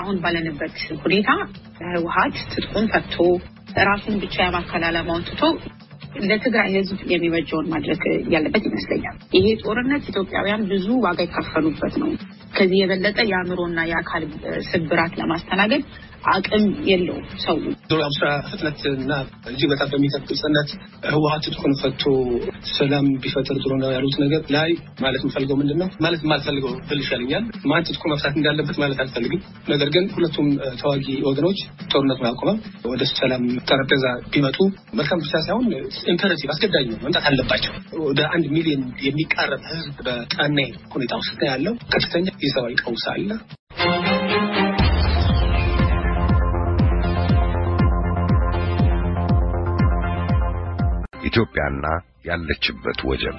አሁን ባለንበት ሁኔታ ህወሀት ትጥቁን ፈቶ ራሱን ብቻ የማከል አላማውን ትቶ ለትግራይ ህዝብ የሚበጀውን ማድረግ ያለበት ይመስለኛል። ይሄ ጦርነት ኢትዮጵያውያን ብዙ ዋጋ የከፈሉበት ነው። ከዚህ የበለጠ የአእምሮና የአካል ስብራት ለማስተናገድ አቅም የለው ሰው ስራ ፍጥነት ፍጥነትና እጅግ በጣም በሚጠብቅ ጽነት ህወሀት ትጥቁን ፈቶ ሰላም ቢፈጥር ጥሩ ነው ያሉት ነገር ላይ ማለት የምፈልገው ምንድን ነው ማለት የማልፈልገው ብል ይሻለኛል። ማን ትጥቁ መፍታት እንዳለበት ማለት አልፈልግም። ነገር ግን ሁለቱም ተዋጊ ወገኖች ጦርነቱን አቁመው ወደ ሰላም ጠረጴዛ ቢመጡ መልካም ብቻ ሳይሆን ኢምፐረቲቭ አስገዳጅ ነው መምጣት አለባቸው። ወደ አንድ ሚሊዮን የሚቃረብ ህዝብ በጠኔ ሁኔታ ውስጥ ያለው ከፍተኛ የሰብአዊ ቀውስ አለ። ኢትዮጵያና ያለችበት ወጀብ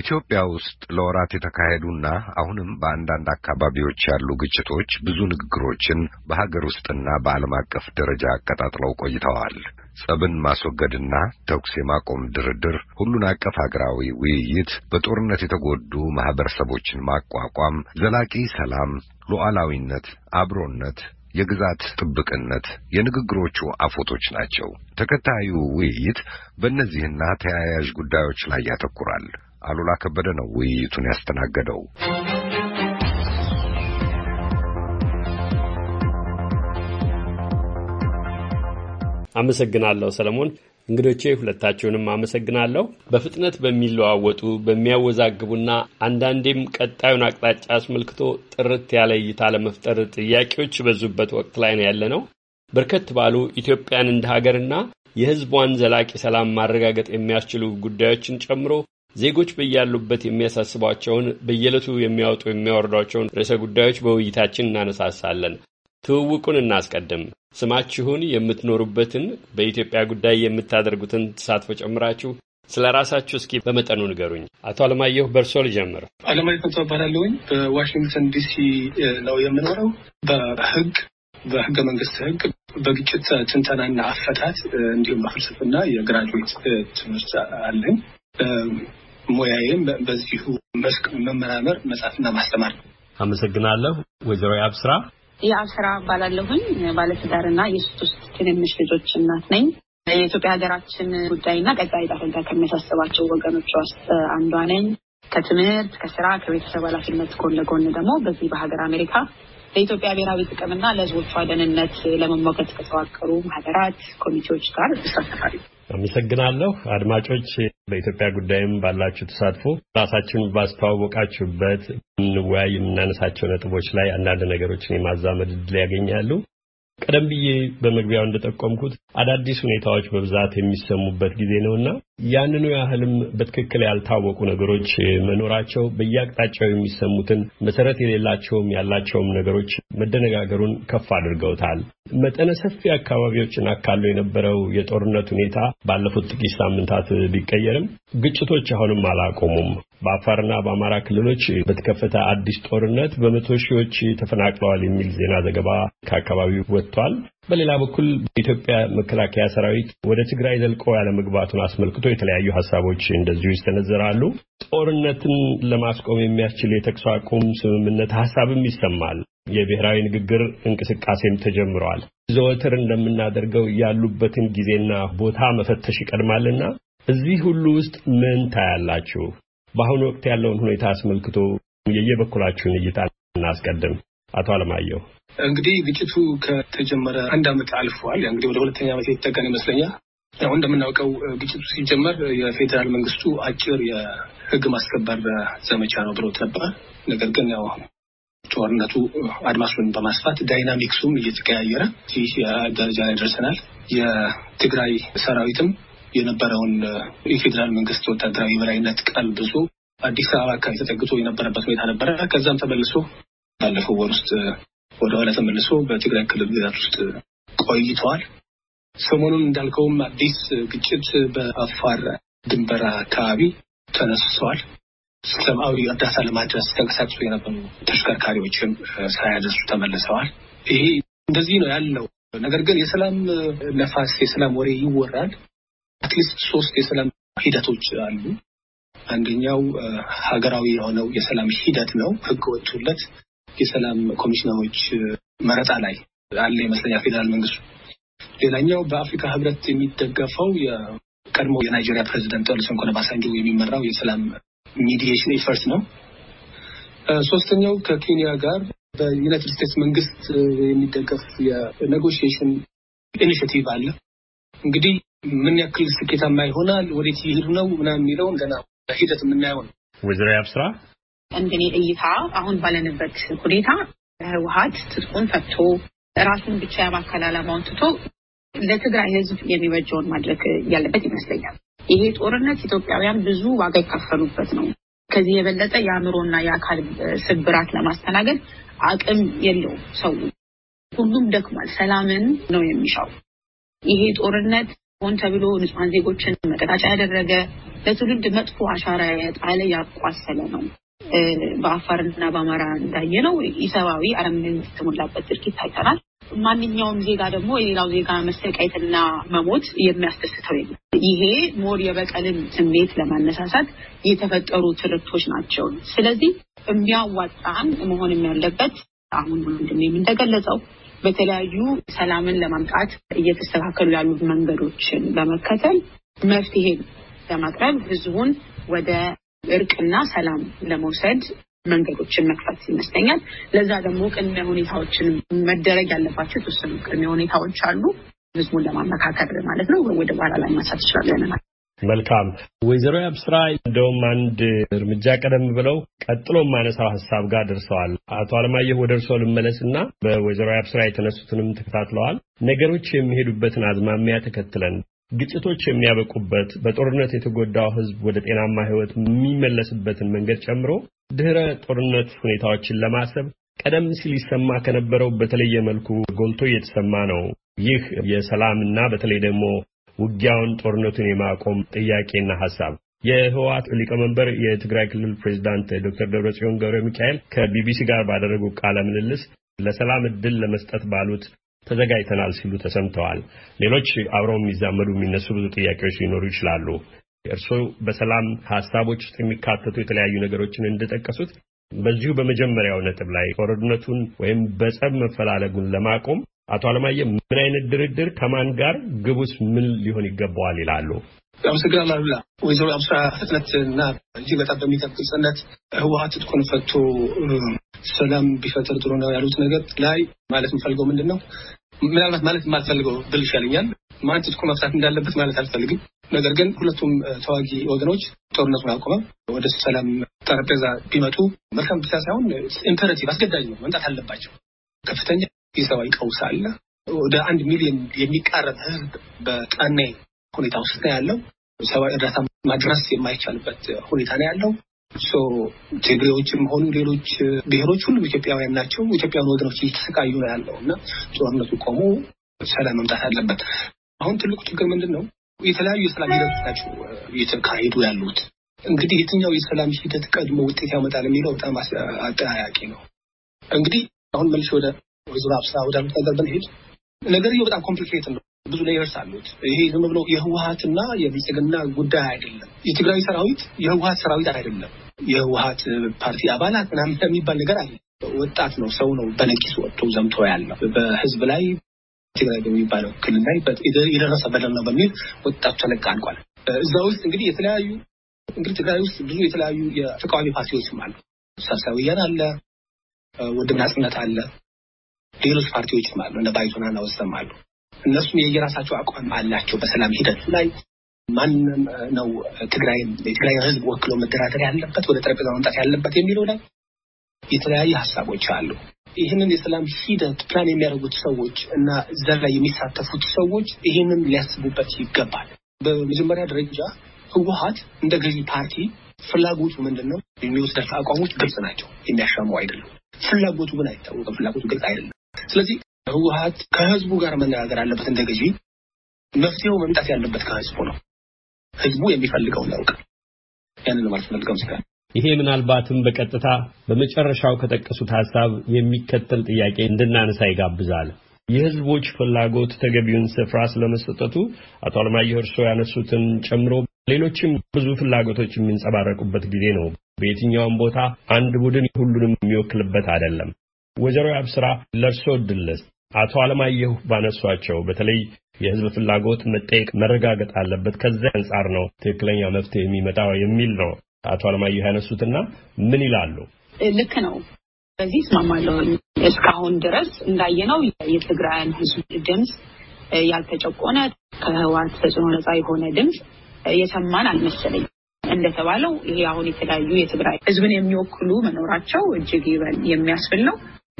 ኢትዮጵያ ውስጥ ለወራት የተካሄዱና አሁንም በአንዳንድ አካባቢዎች ያሉ ግጭቶች ብዙ ንግግሮችን በሀገር ውስጥና በዓለም አቀፍ ደረጃ አቀጣጥለው ቆይተዋል። ጸብን ማስወገድና ተኩስ የማቆም ድርድር፣ ሁሉን አቀፍ ሀገራዊ ውይይት፣ በጦርነት የተጎዱ ማህበረሰቦችን ማቋቋም፣ ዘላቂ ሰላም፣ ሉዓላዊነት፣ አብሮነት የግዛት ጥብቅነት የንግግሮቹ አፎቶች ናቸው። ተከታዩ ውይይት በእነዚህና ተያያዥ ጉዳዮች ላይ ያተኩራል። አሉላ ከበደ ነው ውይይቱን ያስተናገደው። አመሰግናለሁ ሰለሞን። እንግዶቼ ሁለታችሁንም አመሰግናለሁ። በፍጥነት በሚለዋወጡ በሚያወዛግቡና አንዳንዴም ቀጣዩን አቅጣጫ አስመልክቶ ጥርት ያለ እይታ ለመፍጠር ጥያቄዎች በዙበት ወቅት ላይ ነው ያለነው። በርከት ባሉ ኢትዮጵያን እንደ ሀገርና የሕዝቧን ዘላቂ ሰላም ማረጋገጥ የሚያስችሉ ጉዳዮችን ጨምሮ ዜጎች በያሉበት የሚያሳስቧቸውን በየዕለቱ የሚያወጡ የሚያወርዷቸውን ርዕሰ ጉዳዮች በውይይታችን እናነሳሳለን። ትውውቁን እናስቀድም። ስማችሁን፣ የምትኖሩበትን፣ በኢትዮጵያ ጉዳይ የምታደርጉትን ተሳትፎ ጨምራችሁ ስለ ራሳችሁ እስኪ በመጠኑ ንገሩኝ። አቶ አለማየሁ በእርሶ ልጀምር። አለማየሁ እባላለሁኝ። በዋሽንግተን ዲሲ ነው የምኖረው። በህግ በህገ መንግስት ህግ፣ በግጭት ትንተናና አፈታት እንዲሁም በፍልስፍና የግራጁዌት ትምህርት አለኝ። ሙያዬም በዚሁ መስክ መመራመር መጻፍና ማስተማር ነው። አመሰግናለሁ። ወይዘሮ የአብስራ የአብስራ እባላለሁኝ ባለትዳርና የሶስት ትንንሽ ልጆች እናት ነኝ። የኢትዮጵያ ሀገራችን ጉዳይና ቀጣይ ዕጣ ከሚያሳስባቸው ወገኖች ውስጥ አንዷ ነኝ። ከትምህርት ከስራ፣ ከቤተሰብ ኃላፊነት ጎን ለጎን ደግሞ በዚህ በሀገር አሜሪካ ለኢትዮጵያ ብሔራዊ ጥቅምና ለህዝቦቿ ደህንነት ለመሟገት ከተዋቀሩ ማህበራት፣ ኮሚቴዎች ጋር ይሳተፋሉ። አመሰግናለሁ። አድማጮች በኢትዮጵያ ጉዳይም ባላችሁ ተሳትፎ ራሳችሁን ባስተዋወቃችሁበት እንወያይ የምናነሳቸው ነጥቦች ላይ አንዳንድ ነገሮችን የማዛመድ ዕድል ያገኛሉ። ቀደም ብዬ በመግቢያው እንደጠቆምኩት አዳዲስ ሁኔታዎች በብዛት የሚሰሙበት ጊዜ ነውና ያንኑ ያህልም በትክክል ያልታወቁ ነገሮች መኖራቸው በየአቅጣጫው የሚሰሙትን መሰረት የሌላቸውም ያላቸውም ነገሮች መደነጋገሩን ከፍ አድርገውታል። መጠነ ሰፊ አካባቢዎችን አካሎ የነበረው የጦርነት ሁኔታ ባለፉት ጥቂት ሳምንታት ቢቀየርም ግጭቶች አሁንም አላቆሙም። በአፋርና በአማራ ክልሎች በተከፈተ አዲስ ጦርነት በመቶ ሺዎች ተፈናቅለዋል የሚል ዜና ዘገባ ከአካባቢው ወጥቷል። በሌላ በኩል በኢትዮጵያ መከላከያ ሰራዊት ወደ ትግራይ ዘልቆ ያለመግባቱን አስመልክቶ የተለያዩ ሀሳቦች እንደዚሁ ይስተነዘራሉ። ጦርነትን ለማስቆም የሚያስችል የተኩስ አቁም ስምምነት ሀሳብም ይሰማል። የብሔራዊ ንግግር እንቅስቃሴም ተጀምረዋል። ዘወትር እንደምናደርገው ያሉበትን ጊዜና ቦታ መፈተሽ ይቀድማልና እዚህ ሁሉ ውስጥ ምን ታያላችሁ? በአሁኑ ወቅት ያለውን ሁኔታ አስመልክቶ የየበኩላችሁን እይታ እናስቀድም። አቶ አለማየሁ እንግዲህ ግጭቱ ከተጀመረ አንድ አመት አልፏል። እንግዲህ ወደ ሁለተኛ ዓመት የተጠጋን ይመስለኛል። ያው እንደምናውቀው ግጭቱ ሲጀመር የፌዴራል መንግስቱ አጭር የህግ ማስከበር ዘመቻ ነው ብሎት ነበር። ነገር ግን ያው ጦርነቱ አድማሱን በማስፋት ዳይናሚክሱም እየተቀያየረ ይህ ደረጃ ላይ ደርሰናል። የትግራይ ሰራዊትም የነበረውን የፌዴራል መንግስት ወታደራዊ የበላይነት ቀልብሶ አዲስ አበባ አካባቢ ተጠግቶ የነበረበት ሁኔታ ነበረ። ከዛም ተመልሶ ባለፈው ወር ውስጥ ወደኋላ ተመልሶ በትግራይ ክልል ግዛት ውስጥ ቆይተዋል። ሰሞኑን እንዳልከውም አዲስ ግጭት በአፋር ድንበር አካባቢ ተነስቷል። ሰብአዊ እርዳታ ለማድረስ ተንቀሳቅሶ የነበሩ ተሽከርካሪዎችም ሳያደርሱ ተመልሰዋል። ይሄ እንደዚህ ነው ያለው። ነገር ግን የሰላም ነፋስ፣ የሰላም ወሬ ይወራል። አትሊስት ሶስት የሰላም ሂደቶች አሉ። አንደኛው ሀገራዊ የሆነው የሰላም ሂደት ነው፣ ህገ የሰላም ኮሚሽነሮች መረጣ ላይ አለ ይመስለኛል ፌዴራል መንግስቱ። ሌላኛው በአፍሪካ ህብረት የሚደገፈው የቀድሞ የናይጄሪያ ፕሬዚደንት ኦሉሴጉን ኦባሳንጆ የሚመራው የሰላም ሚዲሽን ኢፈርት ነው። ሶስተኛው ከኬንያ ጋር በዩናይትድ ስቴትስ መንግስት የሚደገፍ የኔጎሽዬሽን ኢኒሽቲቭ አለ። እንግዲህ ምን ያክል ስኬታማ ይሆናል፣ ወዴት ይሄዱ ነው ምናምን የሚለውን ገና ሂደት የምናየው ነው። ወይዘሮ ያብስራ እንደኔ እይታ አሁን ባለንበት ሁኔታ ህወሀት ትጥቁን ፈቶ ራሱን ብቻ የማከል ዓላማውን ትቶ ለትግራይ ህዝብ የሚበጀውን ማድረግ ያለበት ይመስለኛል። ይሄ ጦርነት ኢትዮጵያውያን ብዙ ዋጋ የከፈሉበት ነው። ከዚህ የበለጠ የአእምሮና የአካል ስብራት ለማስተናገድ አቅም የለውም ሰው። ሁሉም ደክሟል። ሰላምን ነው የሚሻው። ይሄ ጦርነት ሆን ተብሎ ንጹሐን ዜጎችን መቀጣጫ ያደረገ ለትውልድ መጥፎ አሻራ የጣለ ያቋሰለ ነው። በአፋርና በአማራ እንዳየ ነው ኢሰብአዊ አረመኔነት የተሞላበት ድርጊት ታይተናል። ማንኛውም ዜጋ ደግሞ የሌላው ዜጋ መሰቃየትና መሞት የሚያስደስተው የለም። ይሄ ሞር የበቀልን ስሜት ለማነሳሳት የተፈጠሩ ትርቶች ናቸው። ስለዚህ የሚያዋጣን መሆንም ያለበት አሁን ወንድም የምንተገለጸው በተለያዩ ሰላምን ለማምጣት እየተስተካከሉ ያሉ መንገዶችን በመከተል መፍትሄን ለማቅረብ ህዝቡን ወደ እርቅና ሰላም ለመውሰድ መንገዶችን መክፈት ይመስለኛል። ለዛ ደግሞ ቅድሚያ ሁኔታዎችን መደረግ ያለባቸው የተወሰኑ ቅድሚያ ሁኔታዎች አሉ። ህዝቡን ለማመካከል ማለት ነው። ወደ በኋላ ላይ ማሳት ይችላለን። መልካም ወይዘሮ ያብስራ እንደውም አንድ እርምጃ ቀደም ብለው ቀጥሎ ማነሳው ሀሳብ ጋር ደርሰዋል። አቶ አለማየሁ ወደ እርስዎ ልመለስ እና በወይዘሮ ያብስራ የተነሱትንም ተከታትለዋል። ነገሮች የሚሄዱበትን አዝማሚያ ተከትለን ግጭቶች የሚያበቁበት በጦርነት የተጎዳው ሕዝብ ወደ ጤናማ ሕይወት የሚመለስበትን መንገድ ጨምሮ ድህረ ጦርነት ሁኔታዎችን ለማሰብ ቀደም ሲል ይሰማ ከነበረው በተለየ መልኩ ጎልቶ እየተሰማ ነው። ይህ የሰላምና በተለይ ደግሞ ውጊያውን ጦርነቱን የማቆም ጥያቄና ሀሳብ የህወሓት ሊቀመንበር የትግራይ ክልል ፕሬዚዳንት ዶክተር ደብረጽዮን ገብረ ሚካኤል ከቢቢሲ ጋር ባደረጉ ቃለ ምልልስ ለሰላም እድል ለመስጠት ባሉት ተዘጋጅተናል ሲሉ ተሰምተዋል። ሌሎች አብረው የሚዛመዱ የሚነሱ ብዙ ጥያቄዎች ሊኖሩ ይችላሉ። እርስዎ በሰላም ሀሳቦች ውስጥ የሚካተቱ የተለያዩ ነገሮችን እንደጠቀሱት በዚሁ በመጀመሪያው ነጥብ ላይ ጦርነቱን ወይም በጸብ መፈላለጉን ለማቆም አቶ አለማየ ምን አይነት ድርድር ከማን ጋር ግቡስ ምን ሊሆን ይገባዋል ይላሉ? አመሰግናል አሉላ። ወይዘሮ አብስራ እና እጅግ በጣም በሚጠብቅ ጽነት ህወሀት ትጥቁን ፈቶ ሰላም ቢፈጥር ጥሩ ነው ያሉት ነገር ላይ ማለት የምፈልገው ምንድን ነው? ምናልባት ማለት የማልፈልገው ብል ይሻለኛል። ማን ትጥቁ መፍታት እንዳለበት ማለት አልፈልግም። ነገር ግን ሁለቱም ተዋጊ ወገኖች ጦርነቱን አቁመው ወደ ሰላም ጠረጴዛ ቢመጡ መልካም ብቻ ሳይሆን ኢምፐረቲቭ አስገዳጅ ነው፣ መምጣት አለባቸው። ከፍተኛ የሰብአዊ ቀውስ አለ። ወደ አንድ ሚሊዮን የሚቃረብ ህዝብ በጠኔ ሁኔታ ውስጥ ነው ያለው። ሰብአዊ እርዳታ ማድረስ የማይቻልበት ሁኔታ ነው ያለው። ትግሬዎችም ሆኑ ሌሎች ብሔሮች ሁሉም ኢትዮጵያውያን ናቸው። ኢትዮጵያን ወገኖች እየተሰቃዩ ነው ያለው እና ጦርነቱ ቆሞ ሰላም መምጣት አለበት። አሁን ትልቁ ችግር ምንድን ነው? የተለያዩ የሰላም ሂደቶች ናቸው እየተካሄዱ ያሉት። እንግዲህ የትኛው የሰላም ሂደት ቀድሞ ውጤት ያመጣል የሚለው በጣም አጠያያቂ ነው። እንግዲህ አሁን መልሼ ወደ ወይዘሮ አብስራ ወዳሉት ነገር ብንሄድ ነገርየው በጣም ኮምፕሊኬት ነው። ብዙ ሌየርስ አሉት። ይሄ ዝም ብሎ የህወሀትና የብልጽግና ጉዳይ አይደለም። የትግራዊ ሰራዊት የህወሀት ሰራዊት አይደለም። የህወሀት ፓርቲ አባላት ምናምን የሚባል ነገር አለ። ወጣት ነው፣ ሰው ነው። በነቂስ ወጥቶ ዘምቶ ያለው በህዝብ ላይ ትግራይ በሚባለው ክልል ላይ የደረሰ በደል ነው በሚል ወጣቱ አልቋል። እዛ ውስጥ እንግዲህ የተለያዩ እንግዲህ ትግራይ ውስጥ ብዙ የተለያዩ የተቃዋሚ ፓርቲዎችም አሉ። ሳልሳይ ወያነ አለ፣ ወንድምና ጽነት አለ፣ ሌሎች ፓርቲዎችም አሉ። እንደ ባይቶና ናወሰም አሉ። እነሱም የየራሳቸው አቋም አላቸው በሰላም ሂደቱ ላይ ማንም ነው ትግራይን የትግራይ ህዝብ ወክሎ መደራደር ያለበት ወደ ጠረጴዛ መምጣት ያለበት የሚለው ላይ የተለያዩ ሀሳቦች አሉ። ይህንን የሰላም ሂደት ፕላን የሚያደርጉት ሰዎች እና ዘር ላይ የሚሳተፉት ሰዎች ይህንን ሊያስቡበት ይገባል። በመጀመሪያ ደረጃ ህወሀት እንደ ገዢ ፓርቲ ፍላጎቱ ምንድን ነው? የሚወስዳቸው አቋሞች ግልጽ ናቸው፣ የሚያሻሙ አይደሉም። ፍላጎቱ ግን አይታወቅም። ፍላጎቱ ግልጽ አይደለም። ስለዚህ ህወሀት ከህዝቡ ጋር መነጋገር አለበት። እንደ ገዢ መፍትሄው መምጣት ያለበት ከህዝቡ ነው። ህዝቡ የሚፈልገውን ያውቅ። ያንን ማለት ፈልገው ስጋር ይሄ ምናልባትም በቀጥታ በመጨረሻው ከጠቀሱት ሀሳብ የሚከተል ጥያቄ እንድናነሳ ይጋብዛል። የህዝቦች ፍላጎት ተገቢውን ስፍራ ስለመሰጠቱ አቶ አለማየሁ እርሶ ያነሱትን ጨምሮ ሌሎችም ብዙ ፍላጎቶች የሚንጸባረቁበት ጊዜ ነው። በየትኛውም ቦታ አንድ ቡድን ሁሉንም የሚወክልበት አይደለም። ወይዘሮ አብስራ ለእርስዎ ድልስ አቶ አለማየሁ ባነሷቸው በተለይ የህዝብ ፍላጎት መጠየቅ መረጋገጥ አለበት፣ ከዚያ አንጻር ነው ትክክለኛ መፍትሄ የሚመጣው የሚል ነው አቶ አለማየሁ ያነሱትና ምን ይላሉ? ልክ ነው። በዚህ እስማማለሁ። እስካሁን ድረስ እንዳየነው የትግራይን ህዝብ ድምፅ ያልተጨቆነ ከህወሓት ተጽዕኖ ነጻ የሆነ ድምፅ የሰማን አልመሰለኝ። እንደተባለው ይሄ አሁን የተለያዩ የትግራይ ህዝብን የሚወክሉ መኖራቸው እጅግ ይበል የሚያስብል ነው።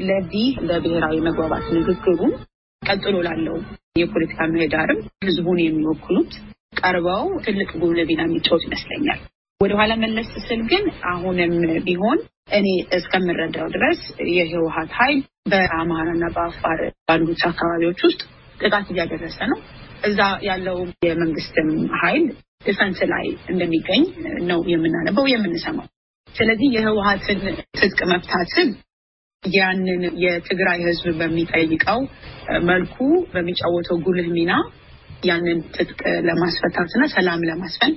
ለዚህ በብሔራዊ መግባባት ንግግሩ ቀጥሎ ላለው የፖለቲካ ምህዳርም ህዝቡን የሚወክሉት ቀርበው ትልቅ ጉልህ ሚና የሚጫወት ይመስለኛል። ወደኋላ መለስ ስል ግን አሁንም ቢሆን እኔ እስከምረዳው ድረስ የህወሀት ኃይል በአማራና በአፋር ባሉት አካባቢዎች ውስጥ ጥቃት እያደረሰ ነው። እዛ ያለው የመንግስትም ኃይል ዲፈንስ ላይ እንደሚገኝ ነው የምናነበው የምንሰማው። ስለዚህ የህወሀትን ትጥቅ መፍታት ያንን የትግራይ ህዝብ በሚጠይቀው መልኩ በሚጫወተው ጉልህ ሚና ያንን ትጥቅ ለማስፈታትና ሰላም ለማስፈን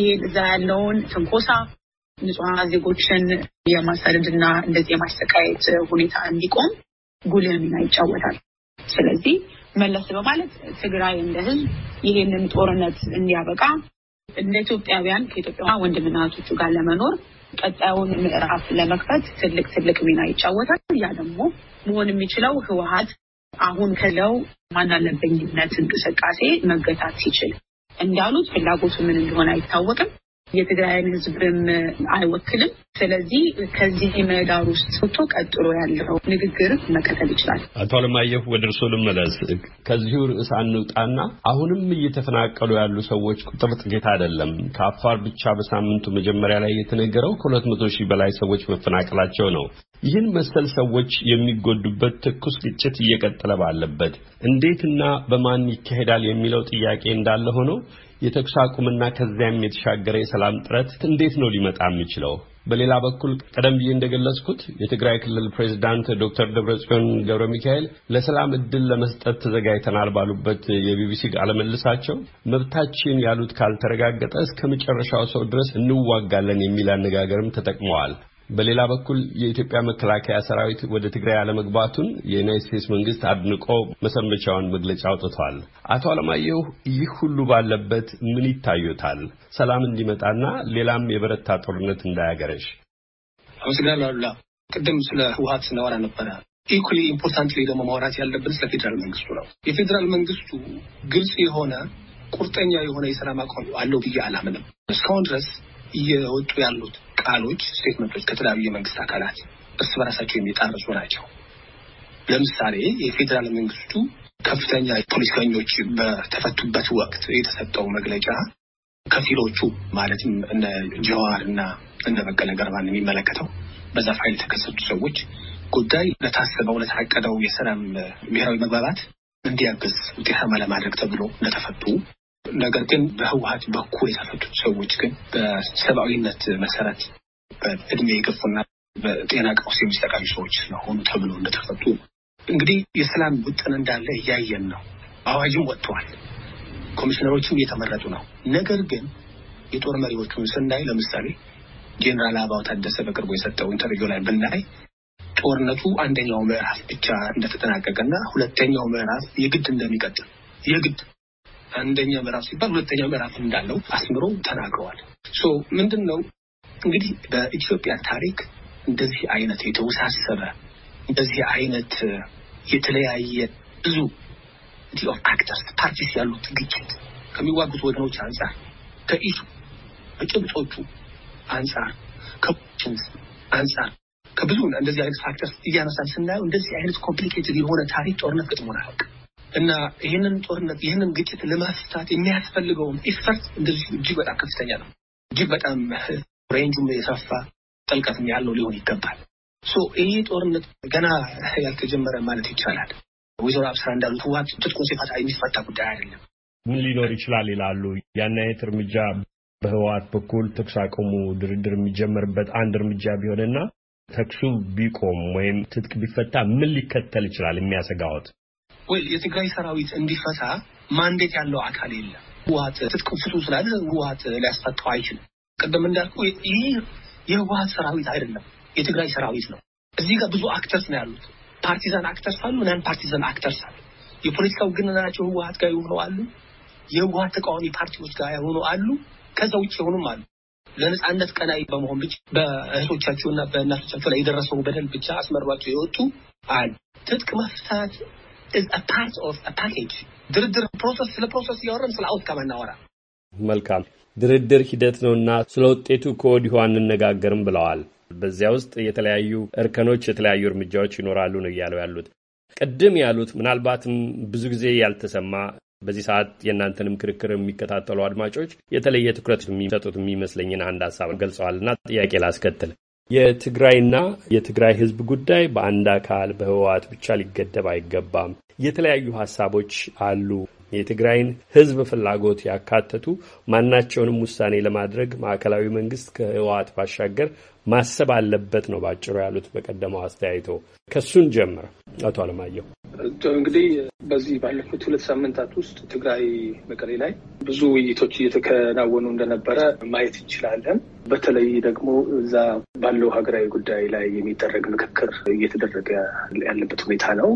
ይሄ እዛ ያለውን ትንኮሳ ንጹሐ ዜጎችን የማሳደድና እንደዚህ የማሰቃየት ሁኔታ እንዲቆም ጉልህ ሚና ይጫወታል። ስለዚህ መለስ በማለት ትግራይ እንደ ህዝብ ይሄንን ጦርነት እንዲያበቃ እንደ ኢትዮጵያውያን ከኢትዮጵያ ወንድምና ጋር ለመኖር ቀጣዩን ምዕራፍ ለመክፈት ትልቅ ትልቅ ሚና ይጫወታል። ያ ደግሞ መሆን የሚችለው ህወሀት አሁን ከለው ማናለበኝነት እንቅስቃሴ መገታት ሲችል እንዳሉት ፍላጎቱ ምን እንደሆነ አይታወቅም። የትግራይን ህዝብም አይወክልም። ስለዚህ ከዚህ መዳር ውስጥ ወጥቶ ቀጥሎ ያለው ንግግር መቀጠል ይችላል። አቶ አለማየሁ ወደ እርስዎ ልመለስ። ከዚሁ ርዕስ አንውጣና አሁንም እየተፈናቀሉ ያሉ ሰዎች ቁጥር ጥቂት አይደለም። ከአፋር ብቻ በሳምንቱ መጀመሪያ ላይ የተነገረው ከሁለት መቶ ሺህ በላይ ሰዎች መፈናቀላቸው ነው። ይህን መሰል ሰዎች የሚጎዱበት ትኩስ ግጭት እየቀጠለ ባለበት እንዴትና በማን ይካሄዳል የሚለው ጥያቄ እንዳለ ሆነው የተኩስ አቁምና ከዚያም የተሻገረ የሰላም ጥረት እንዴት ነው ሊመጣ የሚችለው? በሌላ በኩል ቀደም ብዬ እንደገለጽኩት የትግራይ ክልል ፕሬዚዳንት ዶክተር ደብረጽዮን ገብረ ሚካኤል ለሰላም እድል ለመስጠት ተዘጋጅተናል ባሉበት የቢቢሲ ቃለመልሳቸው መብታችን ያሉት ካልተረጋገጠ እስከ መጨረሻው ሰው ድረስ እንዋጋለን የሚል አነጋገርም ተጠቅመዋል። በሌላ በኩል የኢትዮጵያ መከላከያ ሰራዊት ወደ ትግራይ አለመግባቱን የዩናይት ስቴትስ መንግስት አድንቆ መሰንበቻውን መግለጫ አውጥቷል። አቶ አለማየሁ ይህ ሁሉ ባለበት ምን ይታዩታል? ሰላም እንዲመጣና ሌላም የበረታ ጦርነት እንዳያገረሽ። አመሰግናለሁ አሉላ። ቅድም ስለ ህወሀት ስናወራ ነበረ። ኢኩሊ ኢምፖርታንትሊ ደግሞ ማውራት ያለብን ስለ ፌዴራል መንግስቱ ነው። የፌዴራል መንግስቱ ግልጽ የሆነ ቁርጠኛ የሆነ የሰላም አቋም አለው ብዬ አላምንም። እስካሁን ድረስ እየወጡ ያሉት ቃሎች፣ ስቴትመንቶች ከተለያዩ የመንግስት አካላት እርስ በራሳቸው የሚጣረሱ ናቸው። ለምሳሌ የፌዴራል መንግስቱ ከፍተኛ ፖለቲከኞች በተፈቱበት ወቅት የተሰጠው መግለጫ ከፊሎቹ ማለትም እነ ጀዋር እና እነ በቀለ ገርባን የሚመለከተው በዛ ፋይል የተከሰቱ ሰዎች ጉዳይ ለታሰበው ለታቀደው የሰላም ብሔራዊ መግባባት እንዲያግዝ ውጤታማ ለማድረግ ተብሎ ለተፈቱ ነገር ግን በህወሀት በኩል የተፈቱት ሰዎች ግን በሰብአዊነት መሰረት በእድሜ የገፉና በጤና ቀውስ የሚሰቃዩ ሰዎች ስለሆኑ ተብሎ እንደተፈቱ እንግዲህ የሰላም ውጥን እንዳለ እያየን ነው። አዋጅም ወጥተዋል። ኮሚሽነሮችም እየተመረጡ ነው። ነገር ግን የጦር መሪዎቹን ስናይ ለምሳሌ ጄኔራል አባው ታደሰ በቅርቡ የሰጠው ኢንተርቪው ላይ ብናይ ጦርነቱ አንደኛው ምዕራፍ ብቻ እንደተጠናቀቀና ሁለተኛው ምዕራፍ የግድ እንደሚቀጥል የግድ አንደኛ ምዕራፍ ሲባል ሁለተኛ ምዕራፍ እንዳለው አስምሮ ተናግረዋል። ሶ ምንድን ነው እንግዲህ በኢትዮጵያ ታሪክ እንደዚህ አይነት የተወሳሰበ እንደዚህ አይነት የተለያየ ብዙ ኦፍ አክተርስ ፓርቲስ ያሉት ግጭት ከሚዋጉት ወገኖች አንጻር ከኢሹ ከጭብጦቹ አንጻር ከሽንስ አንጻር ከብዙ እንደዚህ አይነት ፋክተር እያነሳን ስናየው እንደዚህ አይነት ኮምፕሊኬትድ የሆነ ታሪክ ጦርነት ገጥሞን አያውቅም። እና ይህንን ጦርነት ይህንን ግጭት ለማስታት የሚያስፈልገውን ኢፈርት እንደዚሁ እጅግ በጣም ከፍተኛ ነው። እጅግ በጣም ሬንጁም የሰፋ ጥልቀትም ያለው ሊሆን ይገባል። ይህ ጦርነት ገና ያልተጀመረ ማለት ይቻላል። ወይዘሮ አብስራ እንዳሉት ህወሓት ትጥቁን ሲፈታ የሚፈታ ጉዳይ አይደለም። ምን ሊኖር ይችላል ይላሉ። ያን አይነት እርምጃ በህወሓት በኩል ተኩስ አቁሙ ድርድር የሚጀመርበት አንድ እርምጃ ቢሆንና ተኩሱ ቢቆም ወይም ትጥቅ ቢፈታ ምን ሊከተል ይችላል የሚያሰጋዎት? ወይ የትግራይ ሰራዊት እንዲፈታ ማንዴት ያለው አካል የለም። ህወሀት ትጥቅ ፍቱ ስላለ ህወሀት ሊያስፈታው አይችልም። ቅድም እንዳልኩ ይህ የህወሀት ሰራዊት አይደለም፣ የትግራይ ሰራዊት ነው። እዚህ ጋር ብዙ አክተርስ ነው ያሉት። ፓርቲዛን አክተርስ አሉ፣ ናን ፓርቲዛን አክተርስ አሉ። የፖለቲካ ውግንናቸው ህወሀት ጋር የሆኑ አሉ፣ የህወሀት ተቃዋሚ ፓርቲዎች ጋር የሆኑ አሉ፣ ከዛ ውጭ የሆኑም አሉ። ለነፃነት ቀናይ በመሆን ብቻ በእህቶቻቸውና በእናቶቻቸው ላይ የደረሰው በደል ብቻ አስመርባቸው የወጡ አሉ። ትጥቅ መፍታት ኢዝ አ ፓርት ኦፍ አ ፓኬጅ። ድርድር ፕሮሰስ ስለ ፕሮሰስ እያወራን ስለ አውትካም አናወራ። መልካም ድርድር ሂደት ነውና ስለ ውጤቱ ከወዲሁ አንነጋገርም ብለዋል። በዚያ ውስጥ የተለያዩ እርከኖች፣ የተለያዩ እርምጃዎች ይኖራሉ ነው እያለው ያሉት። ቅድም ያሉት ምናልባትም ብዙ ጊዜ ያልተሰማ በዚህ ሰዓት የእናንተንም ክርክር የሚከታተሉ አድማጮች የተለየ ትኩረት የሚሰጡት የሚመስለኝን አንድ ሀሳብ ገልጸዋልና ጥያቄ ላስከትል። የትግራይና የትግራይ ህዝብ ጉዳይ በአንድ አካል በህወሓት ብቻ ሊገደብ አይገባም። የተለያዩ ሀሳቦች አሉ። የትግራይን ህዝብ ፍላጎት ያካተቱ ማናቸውንም ውሳኔ ለማድረግ ማዕከላዊ መንግስት ከህወሓት ባሻገር ማሰብ አለበት ነው ባጭሩ ያሉት። በቀደመው አስተያየቶ ከሱን ጀምር አቶ አለማየሁ እንግዲህ በዚህ ባለፉት ሁለት ሳምንታት ውስጥ ትግራይ መቀሌ ላይ ብዙ ውይይቶች እየተከናወኑ እንደነበረ ማየት እንችላለን። በተለይ ደግሞ እዛ ባለው ሀገራዊ ጉዳይ ላይ የሚደረግ ምክክር እየተደረገ ያለበት ሁኔታ ነው።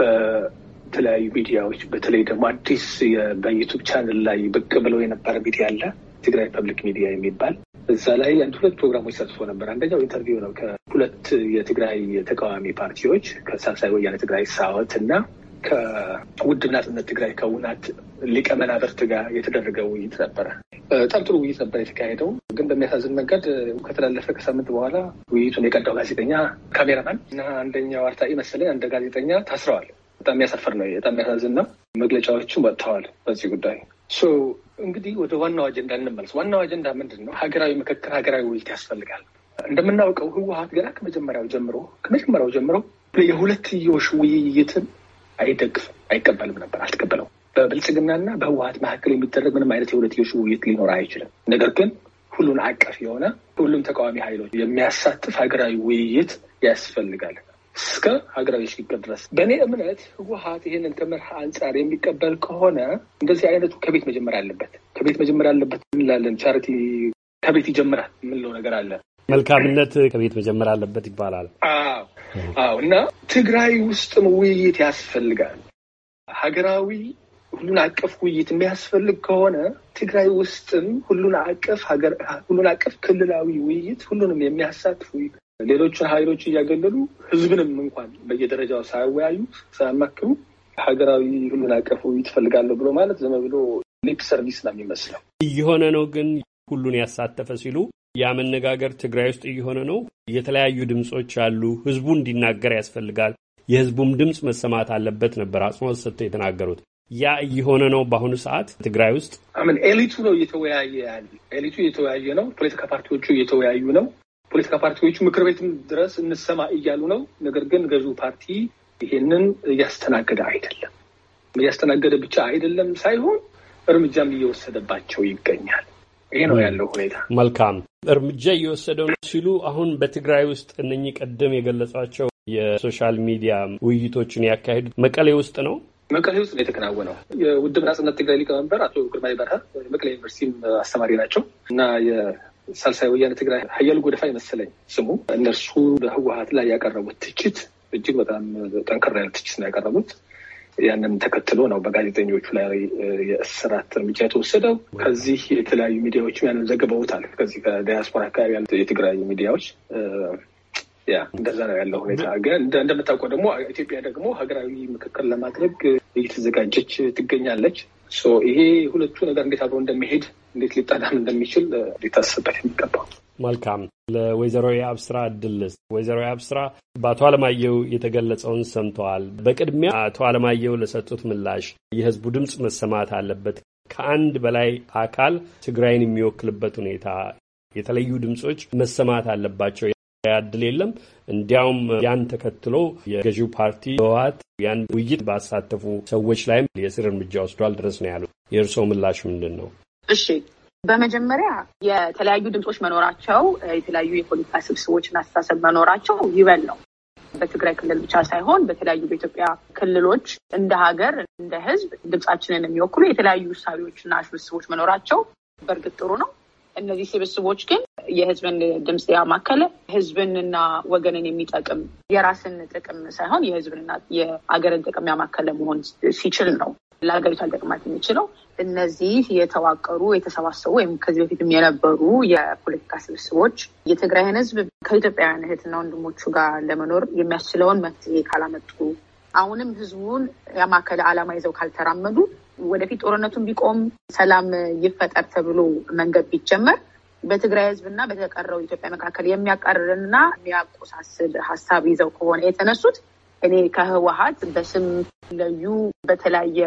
በተለያዩ ሚዲያዎች በተለይ ደግሞ አዲስ በዩቱብ ቻንል ላይ ብቅ ብለው የነበረ ሚዲያ አለ ትግራይ ፐብሊክ ሚዲያ የሚባል እዛ ላይ አንድ ሁለት ፕሮግራሞች ሰጥፎ ነበር። አንደኛው ኢንተርቪው ነው ከሁለት የትግራይ ተቃዋሚ ፓርቲዎች ከሳልሳይ ወያነ ትግራይ ሳወት እና ከውድብ ናጽነት ትግራይ ከውናት ሊቀመናብርት ጋር የተደረገ ውይይት ነበረ። በጣም ጥሩ ውይይት ነበር የተካሄደው። ግን በሚያሳዝን መንገድ ከተላለፈ ከሳምንት በኋላ ውይይቱን የቀዳው ጋዜጠኛ፣ ካሜራማን እና አንደኛው አርታኢ መሰለኝ አንድ ጋዜጠኛ ታስረዋል። በጣም የሚያሳፍር ነው። በጣም የሚያሳዝን ነው። መግለጫዎችም ወጥተዋል በዚህ ጉዳይ እንግዲህ ወደ ዋናው አጀንዳ እንመለስ። ዋናው አጀንዳ ምንድን ነው? ሀገራዊ ምክክር፣ ሀገራዊ ውይይት ያስፈልጋል። እንደምናውቀው ህወሀት ገና ከመጀመሪያው ጀምሮ ከመጀመሪያው ጀምሮ የሁለትዮሽ ውይይትን አይደግፍም፣ አይቀበልም ነበር፣ አልተቀበለው። በብልጽግናና በህወሀት መካከል የሚደረግ ምንም አይነት የሁለትዮሽ ውይይት ሊኖር አይችልም። ነገር ግን ሁሉን አቀፍ የሆነ ሁሉም ተቃዋሚ ኃይሎች የሚያሳትፍ ሀገራዊ ውይይት ያስፈልጋል። እስከ ሀገራዊ ሽግግር ድረስ በእኔ እምነት ህወሀት ይህንን ትምህርት አንጻር የሚቀበል ከሆነ እንደዚህ አይነቱ ከቤት መጀመር አለበት። ከቤት መጀመር አለበት እንላለን። ቻሪቲ ከቤት ይጀምራል የምንለው ነገር አለ። መልካምነት ከቤት መጀመር አለበት ይባላል። አዎ፣ አዎ። እና ትግራይ ውስጥም ውይይት ያስፈልጋል። ሀገራዊ ሁሉን አቀፍ ውይይት የሚያስፈልግ ከሆነ ትግራይ ውስጥም ሁሉን አቀፍ ሁሉን አቀፍ ክልላዊ ውይይት ሁሉንም የሚያሳትፍ ሌሎችን ሀይሎች እያገለሉ ህዝብንም እንኳን በየደረጃው ሳያወያዩ ሳያማክሩ ሀገራዊ ሁሉን አቀፉ ይትፈልጋለሁ ብሎ ማለት ዘመ ብሎ ሊፕ ሰርቪስ ነው የሚመስለው። እየሆነ ነው ግን ሁሉን ያሳተፈ ሲሉ ያ መነጋገር ትግራይ ውስጥ እየሆነ ነው። የተለያዩ ድምፆች አሉ። ህዝቡ እንዲናገር ያስፈልጋል። የህዝቡም ድምፅ መሰማት አለበት ነበር አጽንኦት ሰጥተው የተናገሩት። ያ እየሆነ ነው በአሁኑ ሰዓት ትግራይ ውስጥ ምን ኤሊቱ ነው እየተወያየ ያለ ኤሊቱ እየተወያየ ነው። ፖለቲካ ፓርቲዎቹ እየተወያዩ ነው። ፖለቲካ ፓርቲዎቹ ምክር ቤትም ድረስ እንሰማ እያሉ ነው። ነገር ግን ገዢው ፓርቲ ይሄንን እያስተናገደ አይደለም። እያስተናገደ ብቻ አይደለም ሳይሆን እርምጃም እየወሰደባቸው ይገኛል። ይሄ ነው ያለው ሁኔታ። መልካም እርምጃ እየወሰደው ነው ሲሉ አሁን በትግራይ ውስጥ እነኚህ ቀደም የገለጿቸው የሶሻል ሚዲያ ውይይቶችን ያካሄዱት መቀሌ ውስጥ ነው መቀሌ ውስጥ ነው የተከናወነው። የውድብ ናጽነት ትግራይ ሊቀመንበር አቶ ግርማይ በርሀ መቀሌ ዩኒቨርሲቲም አስተማሪ ናቸው እና ሳልሳይ ወያነ ትግራይ ሀያል ጎደፋ ይመስለኝ ስሙ። እነርሱ በህወሀት ላይ ያቀረቡት ትችት እጅግ በጣም ጠንከራ ያለ ትችት ነው ያቀረቡት። ያንን ተከትሎ ነው በጋዜጠኞቹ ላይ የእስራት እርምጃ የተወሰደው። ከዚህ የተለያዩ ሚዲያዎችም ያንን ዘግበውታል። ከዚህ ከዲያስፖራ አካባቢ ያሉት የትግራይ ሚዲያዎች ያ እንደዛ ነው ያለው ሁኔታ። ግን እንደምታውቀው ደግሞ ኢትዮጵያ ደግሞ ሀገራዊ ምክክር ለማድረግ እየተዘጋጀች ትገኛለች። ይሄ ሁለቱ ነገር እንዴት አብሮ እንደሚሄድ እንዴት ሊጣዳም እንደሚችል ሊታስበት የሚገባው። መልካም ለወይዘሮ የአብስራ ድልስ ወይዘሮ የአብስራ በአቶ አለማየሁ የተገለጸውን ሰምተዋል። በቅድሚያ አቶ አለማየሁ ለሰጡት ምላሽ የህዝቡ ድምፅ መሰማት አለበት፣ ከአንድ በላይ አካል ትግራይን የሚወክልበት ሁኔታ የተለዩ ድምፆች መሰማት አለባቸው ያድል የለም። እንዲያውም ያን ተከትሎ የገዢው ፓርቲ ህወሀት ያን ውይይት ባሳተፉ ሰዎች ላይም የስር እርምጃ ወስዷል ድረስ ነው ያሉት። የእርስዎ ምላሽ ምንድን ነው? እሺ በመጀመሪያ የተለያዩ ድምፆች መኖራቸው የተለያዩ የፖለቲካ ስብስቦችና አስተሳሰብ መኖራቸው ይበል ነው። በትግራይ ክልል ብቻ ሳይሆን በተለያዩ በኢትዮጵያ ክልሎች እንደ ሀገር እንደ ህዝብ ድምፃችንን የሚወክሉ የተለያዩ እሳቤዎችና ስብስቦች መኖራቸው በእርግጥ ጥሩ ነው። እነዚህ ስብስቦች ግን የህዝብን ድምፅ ያማከለ ህዝብንና ወገንን የሚጠቅም የራስን ጥቅም ሳይሆን የህዝብንና የአገርን ጥቅም ያማከለ መሆን ሲችል ነው ለሀገሪቷ ሊጠቅማት የሚችለው። እነዚህ የተዋቀሩ የተሰባሰቡ ወይም ከዚህ በፊትም የነበሩ የፖለቲካ ስብስቦች የትግራይን ህዝብ ከኢትዮጵያውያን እህትና ወንድሞቹ ጋር ለመኖር የሚያስችለውን መፍትሄ ካላመጡ አሁንም ህዝቡን ያማከለ አላማ ይዘው ካልተራመዱ ወደፊት ጦርነቱን ቢቆም ሰላም ይፈጠር ተብሎ መንገድ ቢጀመር በትግራይ ህዝብና በተቀረው ኢትዮጵያ መካከል የሚያቃርርንና የሚያቆሳስል ሀሳብ ይዘው ከሆነ የተነሱት እኔ ከህወሀት በስም ቢለዩ በተለያየ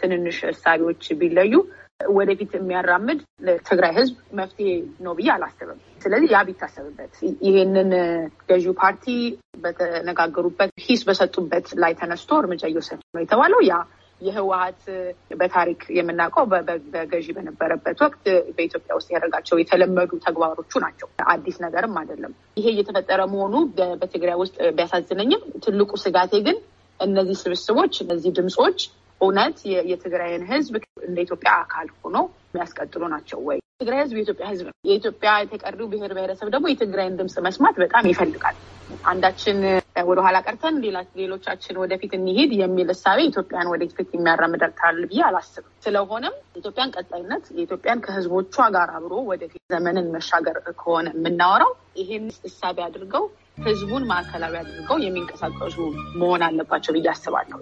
ትንንሽ እሳቤዎች ቢለዩ ወደፊት የሚያራምድ ለትግራይ ህዝብ መፍትሄ ነው ብዬ አላስብም። ስለዚህ ያ ቢታሰብበት፣ ይሄንን ገዢው ፓርቲ በተነጋገሩበት ሂስ በሰጡበት ላይ ተነስቶ እርምጃ እየወሰድ ነው የተባለው ያ የህወሀት በታሪክ የምናውቀው በገዢ በነበረበት ወቅት በኢትዮጵያ ውስጥ ያደረጋቸው የተለመዱ ተግባሮቹ ናቸው። አዲስ ነገርም አይደለም። ይሄ እየተፈጠረ መሆኑ በትግራይ ውስጥ ቢያሳዝነኝም ትልቁ ስጋቴ ግን እነዚህ ስብስቦች እነዚህ ድምፆች እውነት የትግራይን ህዝብ እንደ ኢትዮጵያ አካል ሆኖ የሚያስቀጥሉ ናቸው ወይ? ትግራይ ህዝብ የኢትዮጵያ ህዝብ ነው። የኢትዮጵያ የተቀሪው ብሔር ብሔረሰብ ደግሞ የትግራይን ድምፅ መስማት በጣም ይፈልጋል። አንዳችን ወደ ኋላ ቀርተን ሌሎቻችን ወደፊት እንሄድ የሚል እሳቤ ኢትዮጵያን ወደፊት የሚያራምዳታል ብዬ አላስብም። ስለሆነም የኢትዮጵያን ቀጣይነት የኢትዮጵያን ከህዝቦቿ ጋር አብሮ ወደፊት ዘመንን መሻገር ከሆነ የምናወራው ይህን እሳቤ አድርገው ህዝቡን ማዕከላዊ አድርገው የሚንቀሳቀሱ መሆን አለባቸው ብዬ አስባለሁ።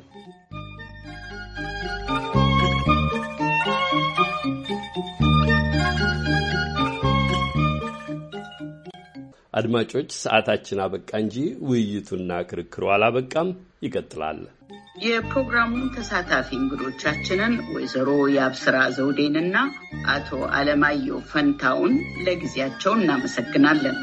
አድማጮች ሰዓታችን አበቃ እንጂ ውይይቱና ክርክሩ አላበቃም፣ ይቀጥላል። የፕሮግራሙን ተሳታፊ እንግዶቻችንን ወይዘሮ የአብስራ ዘውዴንና አቶ አለማየሁ ፈንታውን ለጊዜያቸው እናመሰግናለን።